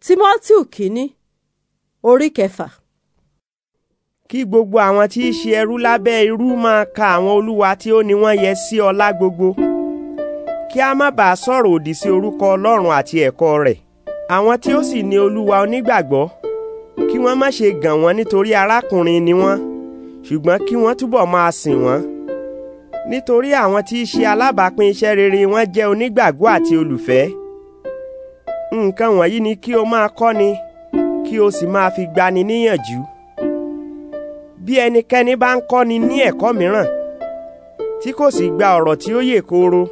timoteo kínní orí kẹfà. kí gbogbo àwọn tí í ṣe ẹrú lábẹ́ irú máa ka àwọn olúwa tí ó ní wọ́n yẹ sí ọlá gbogbo kí a má bàa sọ̀rọ̀ òdì sí orúkọ ọlọ́run àti ẹ̀kọ́ rẹ̀ àwọn tí ó sì ní olúwa onígbàgbọ́ kí wọ́n má ṣe gàn wọ́n nítorí arákùnrin ni wọ́n ṣùgbọ́n kí wọ́n túbọ̀ máa sìn wọ́n nítorí àwọn tí í ṣe alábàápín iṣẹ́ rere wọn jẹ́ onígbàgbọ́ àti olùfẹ́ nǹkan wọ̀nyí ni kí o máa kọ́ni kí o sì máa fi gbani níyànjú bí ẹnikẹ́ni bá ń kọ́ni ní ẹ̀kọ́ mìíràn tí kò sì gba ọ̀rọ̀ tí ó yè kooro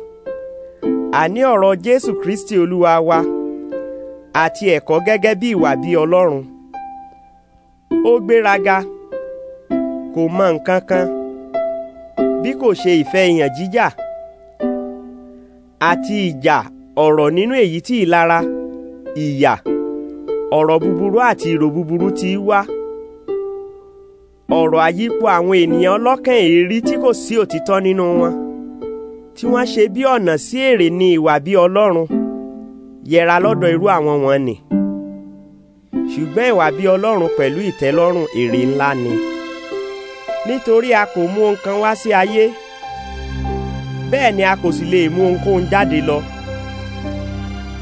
àní ọ̀rọ̀ Jésù Kristi Olúwa wa àti ẹ̀kọ́ gẹ́gẹ́ bí ìwà bí Ọlọ́run ó gbéraga kò mọ nǹkan kan bí kò ṣe ìfẹ́ ìyàn jíjà àti ìjà ọ̀rọ̀ nínú èyí tí ìlara ìyà ọ̀rọ̀ búburú àti ìrò búburú ti wá ọ̀rọ̀ àyípo àwọn ènìyàn ọlọ́kàn èérí tí kò sí òtítọ́ nínú wọn tí wọ́n ṣe bí ọ̀nà sí èrè ní ìwà bí ọlọ́run yẹra lọ́dọ̀ irú àwọn wọn nì ṣùgbọ́n ìwà bí ọlọ́run pẹ̀lú ìtẹ́lọ́rùn èrè ńlá ni nítorí a kò mú nǹkan wá sí ayé bẹ́ẹ̀ ni a kò sì lè mú ohunkóhun jáde lọ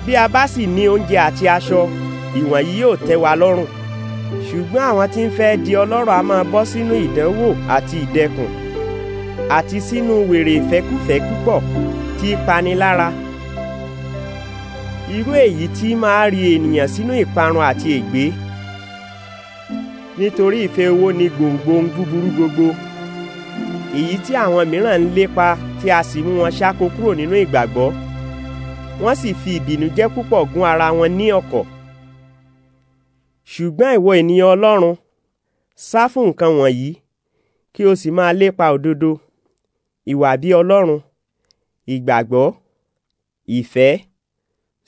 bí a bá sì ní oúnjẹ àti aṣọ ìwọ̀nyí yóò tẹ́ wa lọ́rùn ṣùgbọ́n àwọn tí ń fẹ́ di ọlọ́rọ̀ a máa bọ́ sínú ìdánwò àti ìdẹkùn àti sínú wèrè ìfẹ́kùfẹ́ púpọ̀ tí panilára irú èyí tí máa ri ènìyàn sínú ìparun àti ègbé nítorí ìfẹ́ owó ni gbòǹgbòǹ búburú gbogbo èyí tí àwọn mìíràn ń lépa tí a sì mú wọn ṣáko kúrò nínú ìgbàgbọ́ wọ́n sì fi ìbìnújẹ́ púpọ̀ gún ara wọn ní ọ̀kọ̀. ṣùgbọ́n ìwọ ènìyàn Ọlọ́run sá fún nǹkan wọ̀nyí kí o sì máa lépa òdodo ìwà bí Ọlọ́run ìgbàgbọ́ ìfẹ́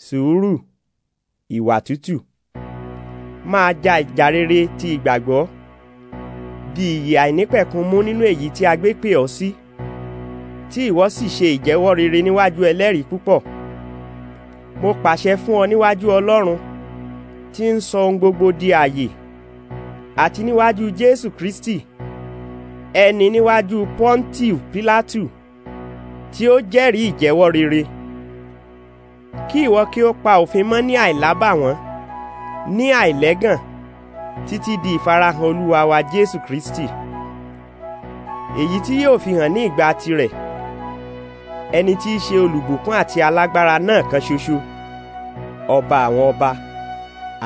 sùúrù ìwà tútù máa ja ìjà rere ti ìgbàgbọ́ bí ìyè àìnípẹ̀kun mú nínú èyí tí a gbé pè ọ́ sí tí ìwọ sì ṣe ìjẹ́wọ́ rere níwájú ẹlẹ́rìí púpọ̀ mo pàṣẹ fún ọ níwájú Ọlọ́run tí ń sọ ohun gbogbo di àyè àti níwájú Jésù Kristi ẹni níwájú Pọ́ńtìù Pílátù tí ó jẹ́rìí ìjẹ́wọ́ rere kí ìwọ kí ó pa òfin mọ́ ní àìlábàwọ́n ní àìlẹ́gàn títí di ìfarahàn Olúwa wa Jésù Kristi èyí tí yóò fi hàn ní ìgbà tirẹ̀ ẹni tí í ṣe olùbùkún àti alágbára náà kan ṣoṣo ọba àwọn ọba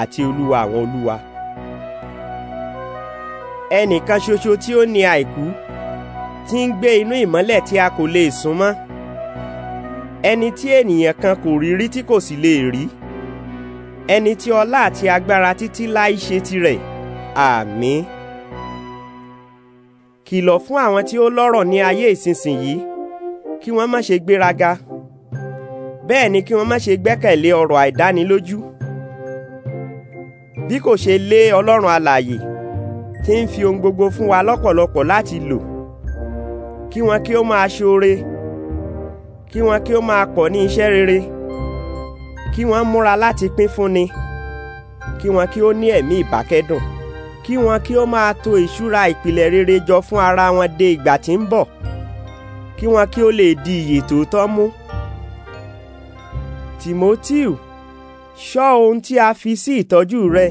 àti olúwa àwọn olúwa ẹnìkan ṣoṣo tí ó ní àìkú tí ń gbé inú ìmọ́lẹ̀ tí a kò lè sún mọ́ ẹni tí ènìyàn kan kò rí rí tí kò sì lè rí ẹni tí ọlá àti agbára títí láì ṣe tirẹ̀ àmín kìlọ̀ fún àwọn tí ó lọ́rọ̀ ní ayé ìsinsìnyí kí wọ́n má ṣe gbéraga bẹ́ẹ̀ ni kí wọ́n má ṣe gbẹ́kẹ̀lé ọ̀rọ̀ àìdánilójú bí kò ṣe lé ọlọ́run alààyè tí ń fi ohun gbogbo fún wa lọ́pọ̀lọpọ̀ láti lò kí wọn kí ó máa ṣoore kí wọn kí ó máa pọ̀ ní iṣẹ́ rere kí wọn múra láti pín fúnni kí wọn kí ó ní ẹ̀mí ìbákẹ́dùn kí wọn kí ó máa to ìṣúra ìpìlẹ̀ rere jọ fún ara wọn de ìgbà tí ń bọ̀ kí wọn kí ó lè di ìyè tòótọ́ mú Tìmótíù ṣọ́ ohun tí a fi sí ìtọ́jú rẹ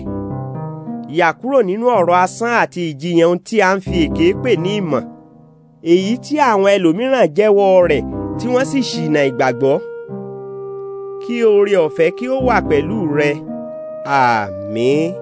yà kúrò nínú ọ̀rọ̀ asán àti ìjiyàn ohun tí a ń fi èké pè ní ìmọ̀ èyí tí àwọn ẹlòmíràn jẹ́wọ́ rẹ̀ tí wọ́n sì ṣìnà ìgbàgbọ́ kí oore ọ̀fẹ́ kí ó wà pẹ̀lú rẹ àmín. Ah,